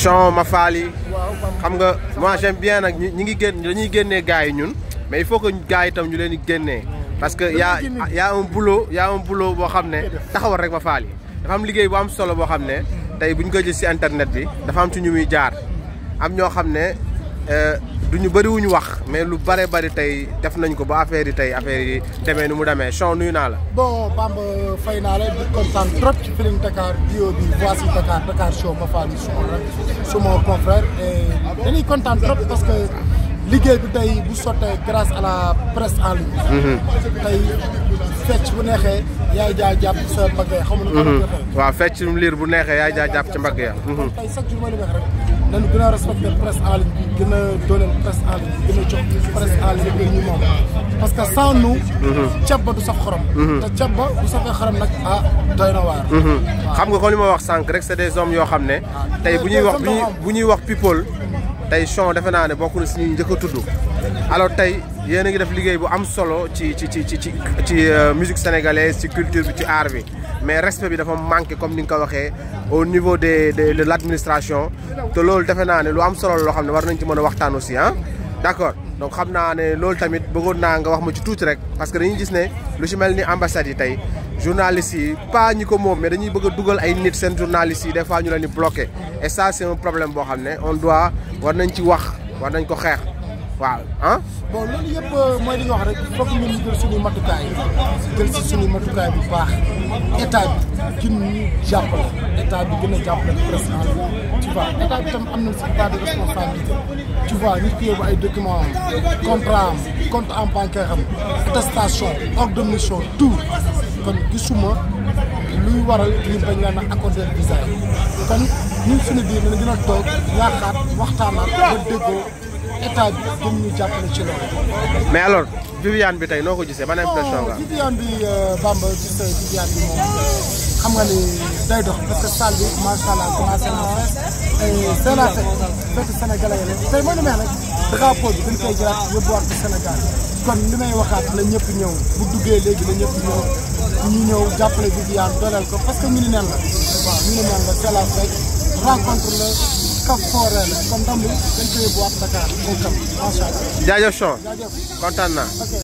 chant ma faal yi xam nga moi j'aime bien nag ñi ngi génn dañuy génnee gars yi ñun mais il faut que gars ñu leen di génnee parce que yaa yaa un boulot yaa un boulot boo xam ne taxawal rek ma faal yi dafa am liggéey bu am solo boo xam ne tey buñ ñu ko jël si internet bi dafa am ci ñu muy jaar am ñoo xam ne euh, du ñu bëri wuñu wax mais lu bare bari tey def nañ ko ba affaire yi tey affaire yi nu mu demee Chon nuyu naa la. bon Bamba fay naa la di kontaan trop ci Feeling Dakar bio bi voici Dakar Dakar Show ma faa di suma confrère et dañuy kontaan trop parce que liggéey bi tey bu sottee grâce à la presse en ligne. Mm-hmm. tey. fecc bu neexee yaay jaa jàpp sa mbagg ya ma nu mhm. waaw fecc mu liir bu neexee yaay jaa jàpp ci mbagg ya mhm. kon tey a respecté presse a dooleel presse parce que sans nous mhm. du saf xorom te ceeb ba du safee nag ah xam nga ko li ma wax sànq rek c'est des hommes yoo xam ne ah, tey bu ñuy wax bu ñuy wax people tey Chon defe naa ne bokk na si ñuy tudd alors tey yéen a ngi def liggéey bu am solo ci ci ci ci ci ci euh, musique sénégalaise ci culture bi ci art bi mais respect bi dafa manqué comme ni nga ko waxee au niveau des de l' administration te loolu defe naa ne lu am solo loo xam ne war nañ ci mën a waxtaan aussi ah d' accord. donc xam naa ne loolu tamit bëggoon naa nga wax ma ci tuuti rek parce que dañuy gis ne lu ci mel ni ambassades yi tey journalistes yi pas ñi ko moom mais dañuy bëgg a dugal ay nit seen journalistes yi des fois ñu leen di bloqué et ça c'est problème boo xam ne on doit war nañ ci wax war nañ ko xeex waaw ah. bon loolu yëpp euh, mooy li wax rek foog ñun ñu jël suñu matukaay jël si suñu matukaay bu baax état bi ci ñu jàppale état bi gën a jàppale président tu vois état bi tam am na si part de responsabilité tu vois nit ki yóbbu ay documents am compte en bancaire am attestation ordre tout kon gisuma luy waral li bañ leen a accorder visa kon ñun suñu biir dina gën a toog yaakaar waxtaanaat ba déggoo. état bi gën ñu jàppale ci loolu. mais alors Viviane bi tey noo ko gisee ban impression nga. Viviane bi euh, Bamba gis nga bi moom euh, xam nga ni day dox parce que salle bi fekk seen affaire fekk Sénégalais la tey moo demee nag drapeau bi dañ koy jëlaat yóbbuwaat ko Sénégal kon li may waxaat la ñëpp ñëw bu duggee léegi la ñëpp ñëw ñu ñëw jàppale Viviane dooleel ko parce que ñu la waaw la c'est la fête rencontre la. kaf fooree la kon ndam bi dañ